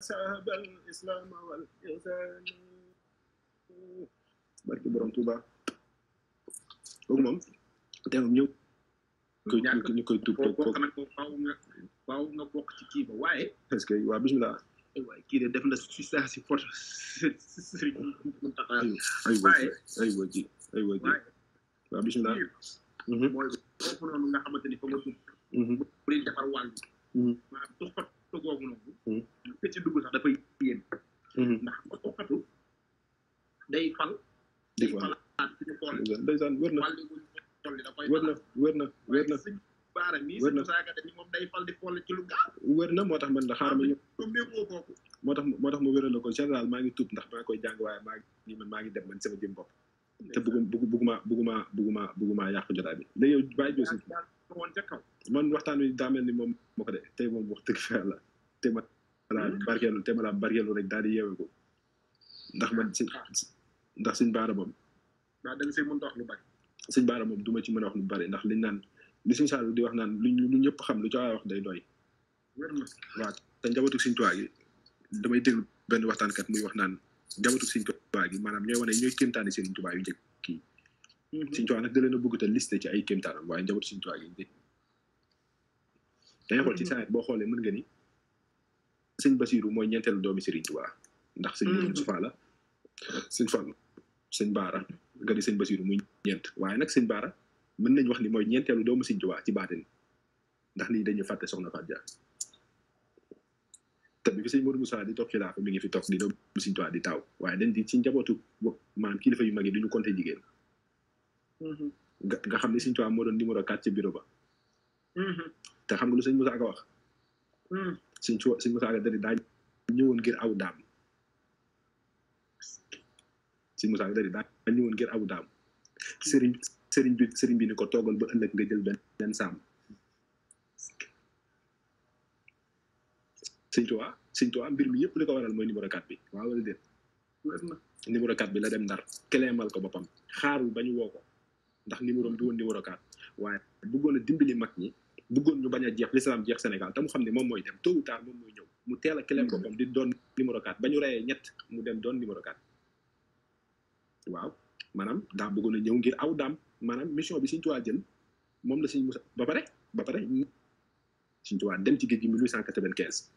saaba al islam wal moom teewam ñëw ñu koy tuub waaw nga bokk ci kii ba waaye parce ce que waaw bismillah waaye kii de def na si saa si pot sëriñ Muntaxa ay waaye ay waa ji ay waa ji waaw bismillah mhm. mooy foofu noonu nga xamante ni fa nga tuub bu dee defar wàll mhm. maanaam ko googu noonu. ku ci dugg sax dafay yéen. ndax waxtu day fal. di fal ndeysaan wér na wér na wér na wér na wér na wér na moo tax man da xaaral ma ñëw moo tax moo tax ma wéral la ko général maa ngi tuub ndax maa koy jàng waaye maa ngi man maa ngi dem man sama jëm bopp te bëggu bëgguma bëgguma bëgguma bëgguma yàqu jotaay bi léegi yow bàyyi joosi man waxtaan wi daa ni moom moo ko de tey moom wax dëgg fa tema la hmm. barkelu tema la barkelu rek daal di yewe ko ndax man si ndax suñ baara moom ndax da nga see mën wax lu bari suñ baara moom duma ci mën wax lu bari ndax liñ naan li suñ saalu di wax naan lu lu ñëpp xam lu caa wax day doy waaw te njabootu suñ tuwaa gi damay déglu benn waxtaankat muy wax naan njabootu suñ tuwaa gi maanaam ñooy wane ñooy kéemtaani seen tubaa yu njëkk kii mhm. suñ tuwaa nag da leen a bëgg te liste ci ay kéemtaanam waaye njabootu suñ tuwaa gi da ngay xool ci mhm. saa boo xoolee mën nga ni sëñ Basirou moy ñentel doomi Serigne Touba ndax sëñ Moustapha la sëñ Fall sëñ bara nga di sëñ Basirou muy ñent waye nak sëñ bara mën nañ wax ni moy ñeenteelu doomi serigne Touba ci baatin ndax li dañu fàtte soxna Fatou Dia te bi fi sëñ Modou Moussa di tok ci la xilaafa mi ngi fi tok di doomu serigne Touba di taw waye dañ di ci njabootu maanaam kilifa yu magi yi duñu compté jigéen nga xamni ne Touba mo doon numéro 4 ci bureau ba te xam nga lu sëñ Moussa ka wax suñ co dari daa ñëwoon ngir aw daam suñ musa dari daa ñëwoon ngir aw dam sëriñ sering bi sëriñ bi ni ko toogal ba ëllëg nga jël benn benn sàmm sëñ tuwa sëñ tuwa mbir mi yëpp li ko waral mooy numéro 4 bi waaw wala déet numéro 4 bi la dem ndar keleemal ko boppam xaarul bañu ndax numéro numéro 4 dimbali ñi bëggoon ñu bañ a jeex l'islam jeex Sénégal te mu xam ne moom mooy dem tôt ou tard moom mooy ñëw mu teel a kelem mm-hmm. boppam di doon numéro 4 ba ñu reyee ñett mu dem doon numéro 4 waaw maanaam daa bëggoon a ñëw ngir aw daam maanaam mission bi suñ tuwaa jël moom la suñ mu ba pare ba pare suñ tuwaa dem ci géej gi 1895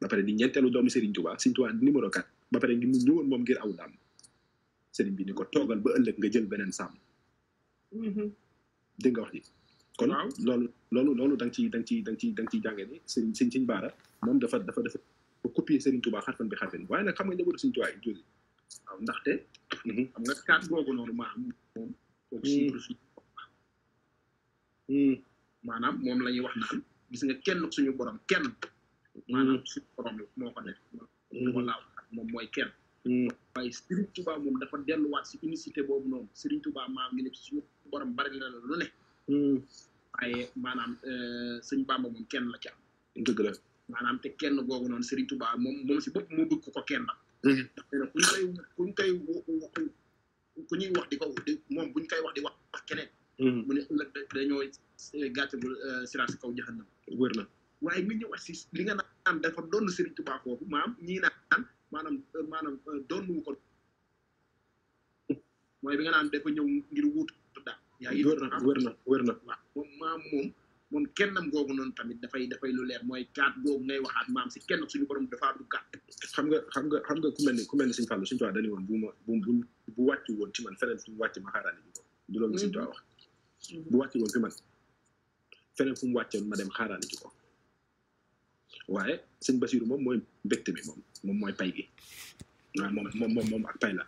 ba pare di ñeenteelu doomu sëriñ tuwaa suñ tuwaa numéro 4 ba pare ngi mu ñëwoon moom ngir aw daam sëriñ bi ni ko toogal ba ëllëg nga jël beneen sàmm mm-hmm. dégg nga wax ji kon loolu loolu loolu danga nga ciy da nga ciy da ciy da nga ciy jàngee ni Serigne Serigne Serigne Bara moom dafa dafa dafa copier Serigne Touba xarfan bi xarfan waaye nag xam nga njabootu Serigne Touba yi jóge waaw ndaxte mhm. am nga kaat googu noonu maanaam moom kooku chiffre suñu maanaam moom la ñuy wax naan gis nga kenn suñu borom kenn hmm. maanaam suñu borom la moo hmm. moom mooy kenn hmm. waaye Serigne Touba moom dafa delluwaat si unicité boobu noonu Serigne Touba maam ngi nekk suñu borom bari la lu ne Hmm. waaye maanaam euh, sëñ Bàmba moom kenn la ci am. dëgg la maanaam te kenn googu noonu Serigne Touba moom moom si bopp moo bëgg ko kenn am. Hmm. ndax nag ku ñu koy ñuy wax di ko moom buñ ñu koy wax di wax wax keneen. Hmm. mu ne ëllëg dañoo euh, gàcce bu euh, kaw jahannam. na waaye mi ñëwaat si li nga naan dafa doon Serigne Touba foofu maam ñii naan maanaam maanaam doon wu ko mooy bi nga naan dafa ñëw ngir wuutu. yaa ngi wér na ah. wér na wér na waaw moom maam moom moom kennam googu noonu tamit dafay dafay lu leer mooy kaat googu ngay waxaat maam si kenn suñu borom dafaa du gàtt xam nga xam nga xam nga ku mel ni ku mel ni suñu fàllu dani woon bu ma bu bu woon ci man feneen fu mu wàcc ma xaaraale ko du loolu suñu tuwi wax mm-hmm. bu wàcc woon fi man fu mu wàccoon ma dem xaaraale ji ko waaye sëñ Basiru moom mooy mbégte bi moom moom mooy pay gi waaw moom moom moom ak pay la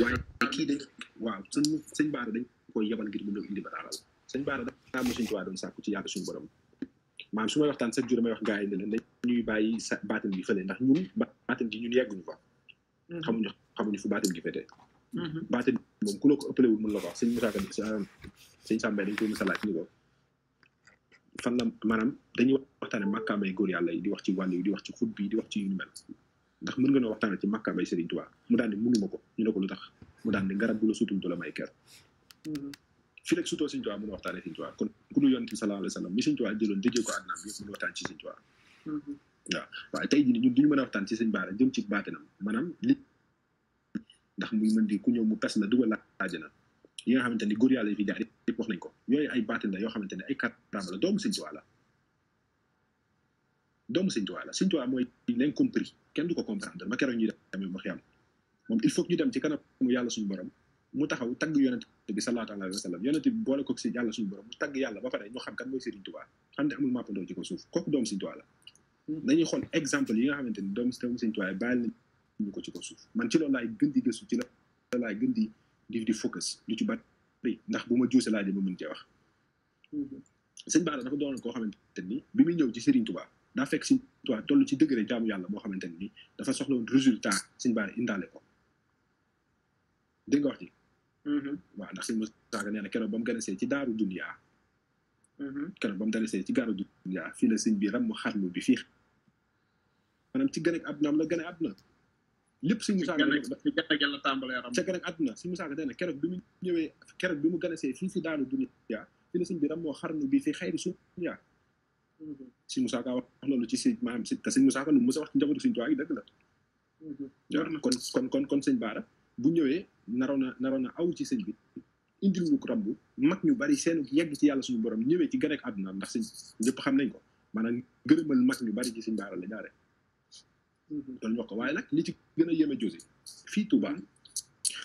waaye kii dañ waaw sëñ sëñ Baara dañ koy yebal ngir mu ñëw indi bataaral sëñ Bara daa am suñ tuwaa doon sàkku ci yàlla suñu borom maanaam su may wax gars yi ne leen dañuy bàyyi sa baatin fële ndax ñun baatin gi ñun yegguñu fa mm-hmm. fu baatin gi féete mm-hmm. baatin ku la ko ëppalewul mën la ko wax sëñ ah, ko fan la maanaam dañuy waxtaane màkkaamay góor yàlla yi di wax ci wàll yi di wax ci xut bi di wax ci yu mel ndax mën nga noo waxtaane ci màkkaamay Serigne Touba mu daan ne mënuma ko ñu ne ko lu tax mu daan ne garab bu la suutum du la may ker fii rek surtout Sëñ Tuubaa mën a waxtaane Sëñ Tuubaa kon ku nu yonent bi sallallahu alayhi wa sallam mi Sëñ Tuubaa jëloon déggee ko àddinaam yëpp mën a waxtaan ci Sëñ Tuubaa mm-hmm. waaw waaye tey jii nii ñun duñu mën a waxtaan ci Sëñ Bara jëm ci baatinam maanaam li ndax muy mën di ku ñëw mu pes la dugal la àjjana yi nga xamante ni góor yàlla yi fi jaar yëpp wax ko yooyu ay baatin la yoo xamante ne ay kàddaam la doomu Sëñ Tuubaa la doomu Sëñ Tuubaa la Sëñ Tuubaa mooy l'incompris kenn du ko comprendre ma keroog ñuy dem ma xiyam moom il faut ñu dem ci kanam mu yàlla suñu borom mu taxaw tagg yonent bi sallallahu alayhi wa sallam yonent boole ko si yàlla suñu borom mu tagg yàlla ba pare ñu xam kan mooy Serigne Touba xam ne amul mappandoo ci ko suuf hmm. yi nga xamante ni doomu Serigne Touba bàyyi nañu ko ci ko suuf man ci loolu laay gën di gëstu ci la laay gën di di di focus lu ci bari ndax bu ma juuse laa di ma mën cee wax hmm. sëñ Bara dafa doon koo xamante ni bi muy ñëw ci Serigne Touba daa fekk Serigne Touba toll ci degré jaamu yàlla boo xamante ni dafa soxla woon résultat sëñ Bara indaale ko dégg nga wax ji waaw ndax sëñ Moussa Ka nee na keroog ba mu ganesee ci daaru dunia keroog ba mu ganesee ci daaru dunia fii la sëñ bi ram mu xarlu bi fii maanaam ci gën ak addunaam la gën a adduna lépp sëñ Moussa Ka ci gën ak yàlla tàmbalee ram ca gën ak adduna sëñ Moussa Ka nee na keroog bi mu ñëwee keroog bi mu ganesee fii mm-hmm. si daaru dunia fii la sëñ bi ram moo xarlu bi fii xayri suñ dunia sëñ Moussa Ka wax loolu ci sëñ maanaam si te sëñ Moussa Ka lu mu mës a wax njabootu sëñ Tuubaa dëgg la mm-hmm. kon kon kon kon sëñ Baara bu ñëwee naroon na naroon na aw ci sëñ bi indil wu ko rambu mag ñu bari seen yegg ci yàlla suñu borom ñëwee ci gën àdduna ndax sëñ ñëpp xam nañ ko maanaam gërëmal mag ñu bari ci sëñ baara la jaare doon mhm. wax ko waaye nag li ci gën a yéeme José fii Touba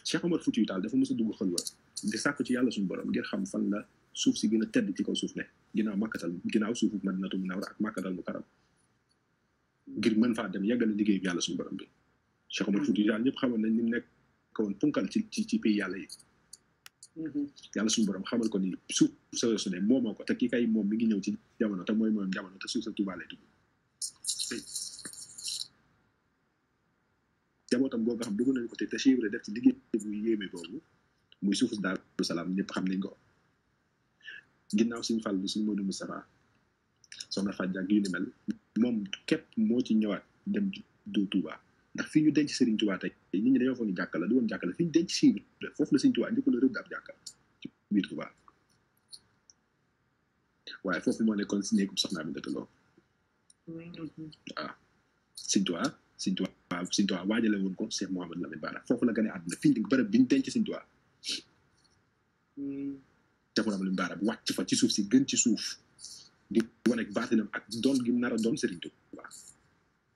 Cheikh Omar Foutiyou Tall dafa mos a dugg xalwa di sàkku ci yàlla suñu borom ngir xam fan la suuf si gën a tedd ci kaw suuf ne ginnaaw màkkatal ginaaw suufu Madinatu Munawwara ak màkkatal mu karam ngir mën faa dem yeggale liggéey bi yàlla suñu bi Cheikh Omar mhm. Foutiyou Tall ñëpp xamoon nañ ni mu nekk kawoon punkal ci ci ci pays yàlla yi mm-hmm. yàlla suñu borom xamal ko ni suuf sa su ne moomoo ko te kii kay moom mi ngi ñëw ci jamono te mooy moom jamono te suuf sa Tuubaa lay tudd jabootam xam dugg ko te te chibre def ci liggéey bu yéeme boobu muy suufu Daaru Salaam ñëpp xam nañ ko ginnaaw suñu fàll bi suñu Modou Moustapha soxna Fadja ak yu ni mel moom képp moo ci ñëwaat dem du Tuubaa ndax fi ñu denc Serigne Touba tey nit ñi dañoo foog ñu jàkka la du woon jàkka la fi ñu denc Cheikh Ibra foofu la Serigne Touba njëkkoon la rëdd ab jàkka foofu nekkoon si néegub soxnaa bi ndëkkaloo waaw ah, Serigne Touba Serigne Touba waaw Serigne Touba woon ko Cheikh Mouhamad Lamine Bara foofu la gane àdduna fi di bërëb bi ñu denc Serigne Touba Cheikh Mouhamad Lamine Bara wàcc fa ci suuf si gën ci suuf di wane ak ak doon nar a doon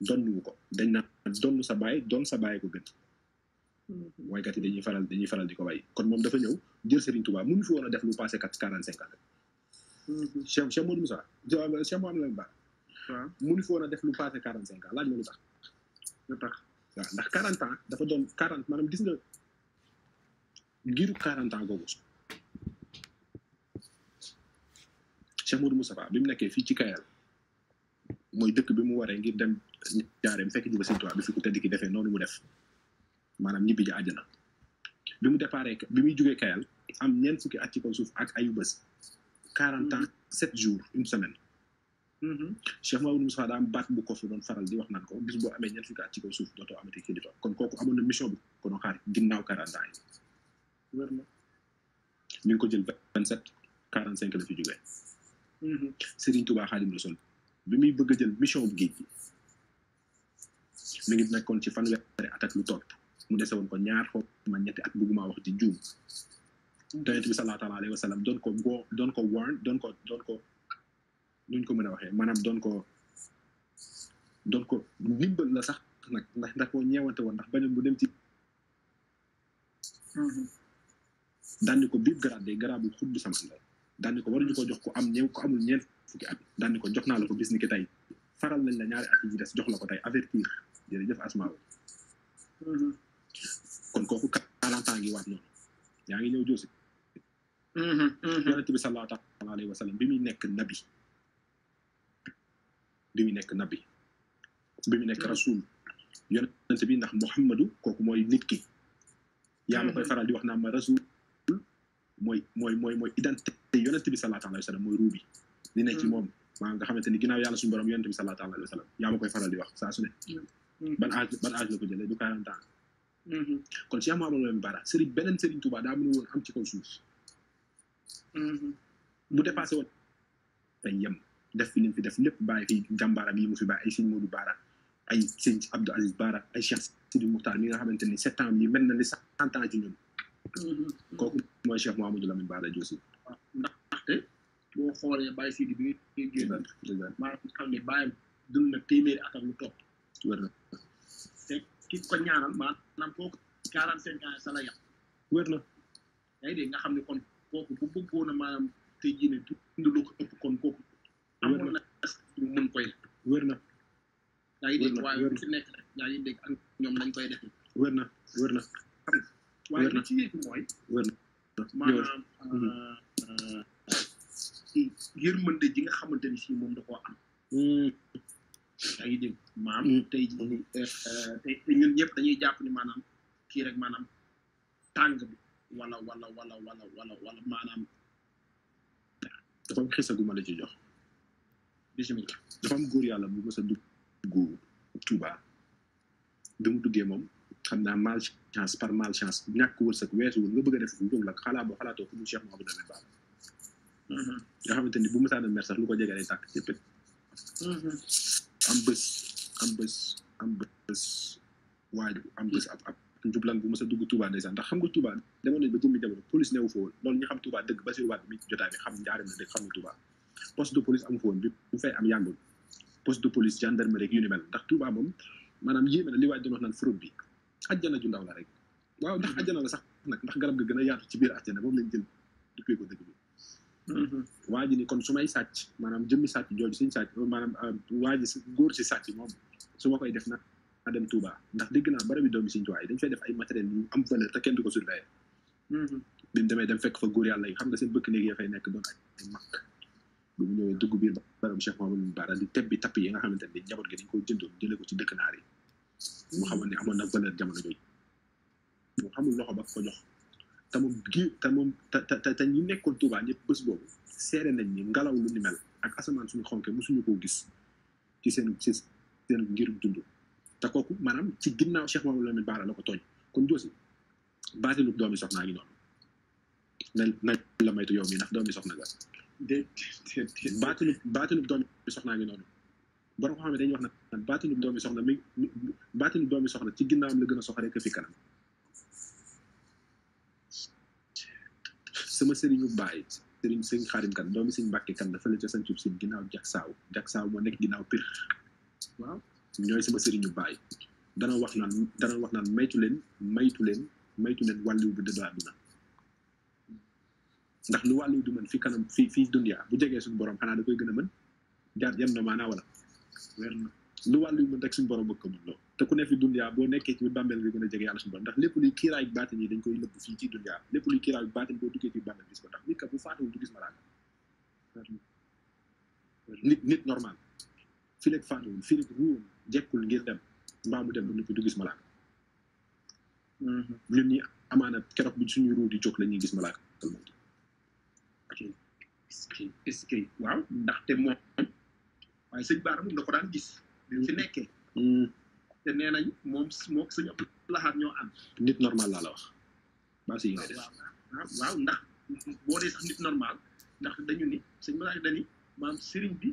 donnuwu ko dañ naan donnu sa baay doon sa baay ko gën mm-hmm. waykat yi dañuy faral dañuy faral di ko way kon moom dafa ñëw jël Serigne Touba mënu fi woon a def lu passé quatre quarante cinq ans mm-hmm. Cheikh Cheikh Modou Moussa Cheikh Mouhamed Lamine Bara waaw mënu a def lu passé quarante cinq ans laaj ma lu tax ndax quarante ans dafa doon quarante maanaam gis nga giiru quarante ans googu Cheikh Modou Moustapha bi mu nekkee fii ci Kayal moy dëkk bi mu waré ngir dem jaareem fekk ji ba sëñ tuwaa bi fi ko tedd ki defee nonu mu def manam ñibi ji àjjana bi mu déparé bi mi jógee kayal am ñen fukki at ci kaw suuf ak ayu bëss 40 ans 7 jours une semaine hmm cheikh mamadou moussa da am bat bu ko fi doon faral di wax nan ko bis bo amé ñen fukki at ci kaw suuf dootoo amati kilifa kon koku amone mission bu ko do xaar ginnaw 40 ans yi ñu ko jël 27 45 quarante cinq la fi hmm Serigne Touba Khadim Rasoul bi muy bëgg jël mission bu géej gi mi ngi nekkoon ci fanweeri at ak lu topp mu dese woon ko ñaar xaw ma ñetti at bëgguma wax ci juum yonent bi sallallahu taala alayhi wa sallam don ko go don ko warn don ko don ko nuñ ko mëna a manam don ko don ko ndimbal la sax nak ndax ndax ko ñewante won ndax bañu bu dem ci mm-hmm. dandi ko bib grade grade bu xuddu sama daan ko waruñu ko jox ku am ñew ku amul ñeent fukki at daan ko jox naa la ko bis ni ki tey faral nañ la ñaari at yi des jox la ko tey avertir jërëjëf asmaaw mhm. kon kooku quarante ans ngi waat noonu yaa ngi ñëw joosi mhm, mhm. yonente bi sallallahu taala alayhi wa sallam bi muy nekk nabi bi muy nekk nabi bi muy nekk rasul yonente bi ndax muhammadu kooku mooy nit ki yaa ma koy faral di wax naa ma rasul mooy mooy mooy mooy identité yonent bi sallallahu alayhi wa sallam mooy ruu bi ne ci hmm. moom maanaam nga xamante ni ginnaaw yàlla suñu borom yonent bi sallallahu alayhi wa sallam yaa ma koy faral di wax saa su ne hmm. Hmm. ban âge ban âge la ko jëlee du quarante ans beneen sëriñ Touba daa mënu woon am ci kaw suuf bu woon day yem def fi li fi def lépp bàyyi fi jàmbaaram yi mu fi bàyyi ay sëñ Modou Bara ay sëñ Abdou Aziz Bara ay Cheikh Sidi Moukhtar nga xamante ni sept ans mel na ni cent ans ci ñun kooku mooy Cheikh Mouhamadou Lamine Bara Diossi ndaxte boo xoolee bàyyi sidi bi ngay génn maanaam xam ne bàyyam dund na téeméeri a lu topp te ki ko ñaanal maanaam kooku quarante cinq ans sa la yàq wér na yaa ngi nga xam ne kon kooku bu bëggoon a maanaam tey jii ne dund lu ko ëpp kon kooku amoon na ñu mën koy na yaa ngi dégg waaye fi nekk rek yaa ngi dégg ak ñoom nañ koy def wér na wér na waaye yërmande ji nga xamante ni si moom da ko am. Hmm. yaa ngi dégg maam hmm. tey jii hmm. eh, eh, tey ñun ñëpp dañuy jàpp ni maanaam kii rek maanaam tàng bi wala wala wala wala wala wala maanaam. dafa am ma la ci jox. bisimilah dafa am góor yàlla bu mës a dugg Touba. bi mu moom xam naa malchance par malchance ñàkk wërsëg weesuwul nga bëgg a def lu jëm la xalaat boo xalaatoo ko mu Cheikh Mouhamadou Lamine nga xamante ni bu mu sànni mer sax lu ko jege day tàkk yëppit am bés am ambus, am bés waaju am bés ab ab njublan bu mës a dugg Touba ndeysaan ndax xam nga Touba demoon nañ ba jëmmi jamono police newu fa woon loolu ñu xam Touba dëgg Basiru Waat mi jotaay bi xam njaarim la dëgg xam ne Touba poste de police amu fa woon bi bu fay am yàngul poste de police gendarmerie ak yu ni mel ndax Touba moom maanaam yéeme na li waaj doon wax naan fraude bi ajjana ju ndaw la Mm-hmm. waa ji ni kon su may sàcc maanaam jëmmi sàcc jooju suñu sàcc maanaam euh, waa ji góor si sàcc moom su ma koy def nag a dem Touba ndax dégg naa barabi doomi Sëñ Tuubaa yi dañ fay def ay matériel yu am valeur te kenn du ko surveillé mm-hmm. bi demee dem fekk fa góor yàlla yi xam nga seen bëkk néegi ya fay nekk doon ay mag bi mu ñëwee dugg biir barab Cheikh Mamadou Bara di bi tappi yi nga xamante ne njaboot gi dañ ko jëndoon jëlee ko ci dëkk naar yi mu xamoon ne amoon na valeur jamono jooju mu xamul loxo ba ko jox te moom gi te moom te te te ñi nekkoon Touba yëpp bés boobu seere nañ ñi ngelaw lu ni mel ak asamaan suñu xonke mosuñu ko gis ci seen ci seen ngir dund te kooku maanaam ci ginnaaw Cheikh Mamadou Lamine Bara la ko tooñ kon joosi baati lu doomi soxnaa ngi noonu na na la maytu yow mi ndax doomi soxna nga de baatinu baatinu doomi soxnaa ngi noonu borom xam ne dañuy wax nag baatinu doomi soxna mi baatinu doomi soxna ci ginnaawam la gën a soxaree ka fi kanam sama sëriñu baay sëriñ sëñ xaarim kan domi sëñ bakke kan dafa la ci sañ cub sin ginnaaw jaksaaw jaksaaw moo nekk ginnaaw pir waaw ñoy sama sëriñu baay dana wax naan dana wax naan maytu len maytu len maytu len walu bu deba àdduna ndax lu walu du man fi kanam fi fi dunya bu jégué ya suñ borom xana da koy gëna man jaar jam na mana wala weer na lu walu mën rek suñ borom bëgg ko mën loo te ku ne fi dunyaa boo nekkee ci bambel bi gëna a jege yàlla suñu borom ndax lépp luy kiiraay baatin yi dañ koy lëbb fii ci dunyaa lépp luy kiiraay baatin boo duggee ci bambel gis ko tax nit ka bu faatuwul du gis malaaka nit nit normal fi rek faatuwul fi rek ruum jekkul ngir dem mbaa mu dem ba noppi du gis malaaka mm-hmm. ñun ñi amaana keroog bu suñu ruu di jóg la ñuy gis malaaka ok est ce que waaw ndaxte moom waaye sëñ baara moom da ko daan gis fi nekkee mm-hmm. te nee nañ moom moom sëñ Abdou ñoo ànd. nit normal laa la wax. baas ndax boo dee sax normal ndax dañu ni sëñ Malaay dañu maam sëriñ bi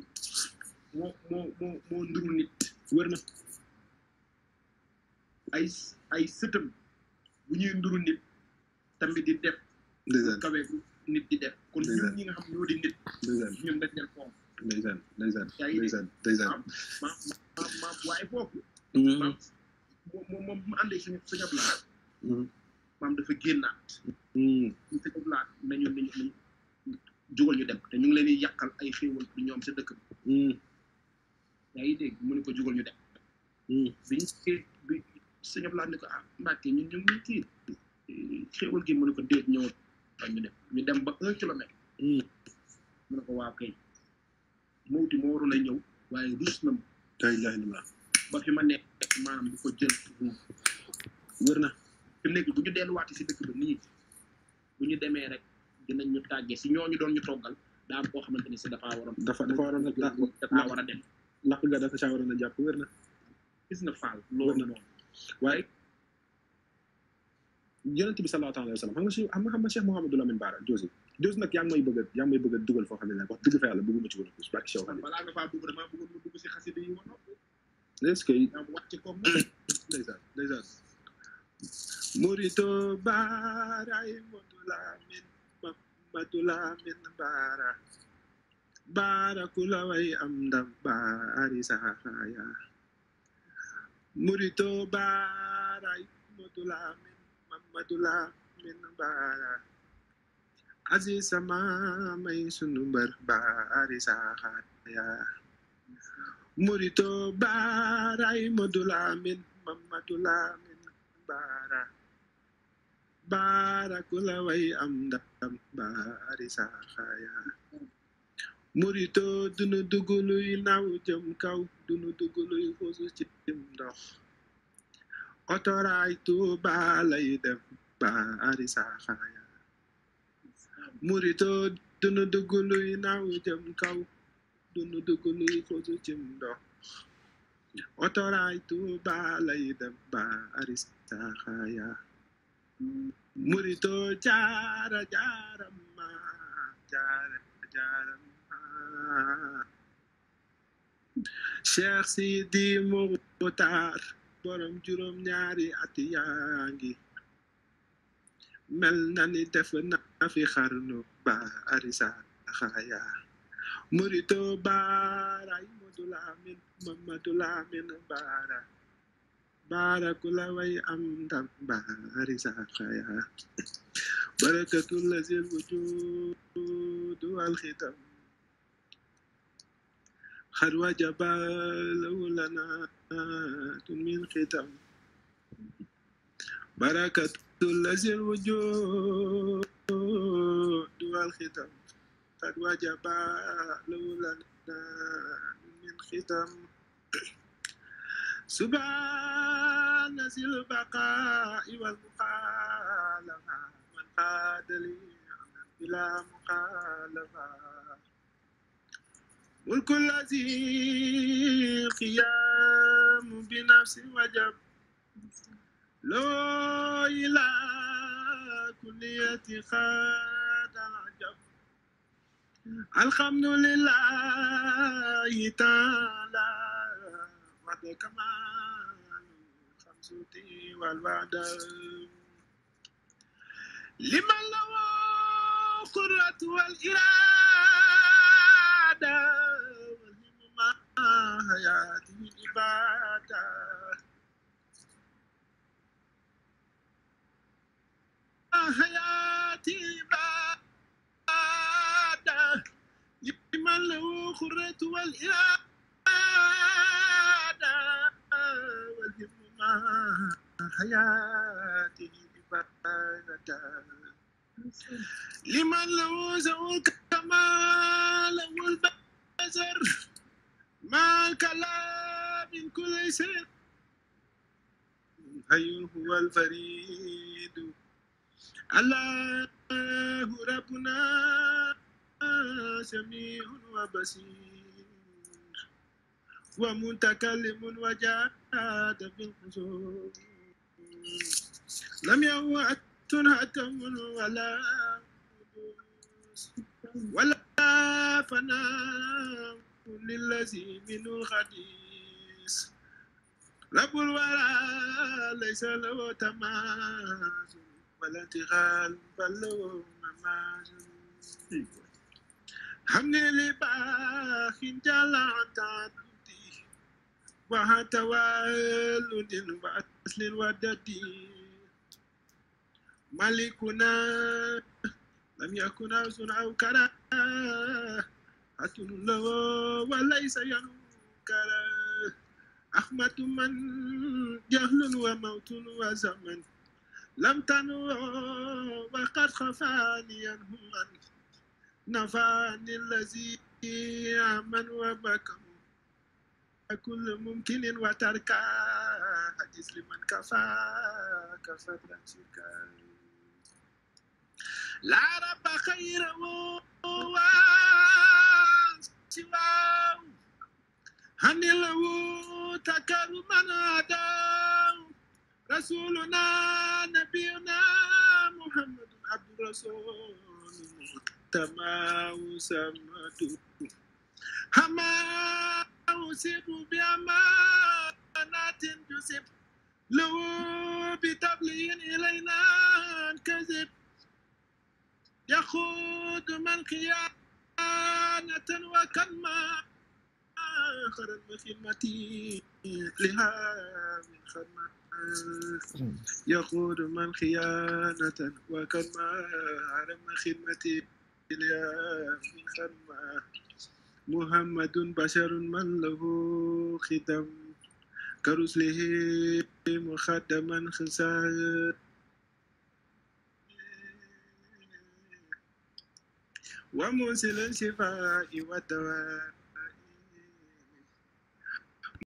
moo moo moo moo nit. wër na ay ay sëtam ñuy nduru nit di def. dëgg kaweeku nit di def. ñi nga nit. ñun dañ leen foofu. ndeysaan ndeysaan ndeysaan ndeysaan waaye foofu. Mm-hmm. maam moom moom mu àndee sëñ sëñ Ablaat mm-hmm. maam dafa génnaat mm-hmm. ñu sëñ Ablaat nañu nañu te ñu ngi leen di yàqal ay xéewal ñoom sa dëkk bi ngi dégg mu ne ko jógal ñu dem bi ñu bi ko ah Mbàkke ñun ñu ngi eh, gi mu ne ko déet ñëw ñu dem ñu dem ba un kilomètre mu waaw kay mawti moo waroon a ñëw waaye rus na ma ba fi ma nekk maanaam ya? di ko jël wër na fi mu nekk bu ñu delluwaati si dëkk bi nii bu ñu demee rek dinañ ñu tàggee si ñooñu doon ñu toggal daa am koo xamante ni si dafa waroon dafa dafa waroon a dafa war a dem lakk nga dafa saa waroon a jàpp wër na gis na faal loolu na noonu waaye yonent bi sallallahu alayhi wa sallam xam nga xam nga xam nga cheikh lamine josi josi may bëgg may bëgg foo xam ne nag wax fa yàlla bëgguma ci balaa nga faa dugg bëggoon mu dugg si yi es kay ndeysaan ndeysaan murito baaraay madulamin madulamin bara baara ku Bara way am ndam baari sahaya. murito baaraay madulamin madulamin bara. aziz sama may sunu mbër baari murito baaray Madu Lamin Mamadu Lamin baara baara ku way am ndam baari saxaaya murito dunu duguluy naw jëm kaw dunu duguluy xuusu ci tim ndox otoraay Tuuba lay def baari saxaaya murito dunu duguluy naw jëm kaw dunu dugg luy xuusu cim ndox otoraay tuuba lay dem ba aristaxaya murito jaara jaaram ma jaara jaaram ma cheikh si di muxtaar borom juróom ñaari at yaa ngi mel na ni def na fi xarnu ba arisa xaya Murito Baara Modou Lamine Mamadou Lamine Baara Baara ku la way am ndam Baari Saxaya barakatul lazil wujud wal xitam xar wa jabalawu lanaatun min xitam barakatul lazil wujud wal xitam فقد وجب لولنا من ختم سبحان ذي البقاء والمخالفة من قاد لي بلا مخالفة ملك الذي قيام بنفس وجب لو إلى كلية خالق alhamdulillahi taala wate kamaan xamsuti walwada liman lawa qurat wal irada wal himma hayati ibada له خرة والإرادة والهم مع حياتي إبانة لمن له زوج كمال والبزر ما كلا من كل سر حي هو الفريد الله ربنا سميع وبصير ومتكلم وجاد بالقصور لم يوأت هتم ولا ولا فناء للذي من الحديث رب الورى ليس له تمازن ولا انتقال بل له ممازن حملي لباخ جلعت عندي وها توالد وأصل الودد ملكنا لم يكن أرسل أو كرا حسن له وليس ينكر أحمد من جهل وموت وزمن لم تنو وقد خفاني عنه نفعني الذي آمن وبكوا كل ممكن وتركا حديث لمن كفى كفى شركا لا رب هو سوى هني لو تكرما أداه رسولنا نبينا محمد عبد الرسول السماء سمت هما أصيب بأمانات يصيب لو بتبلي إلينا كذب يخوض من خيانة وكلمة آخر وخدمتي لها من خدمة يخوض من خيانة وكلمة آخر خدمتي مسمى محمد بشر من له خدم كرسله مخدما خسائر ومنزل الشفاء والدواء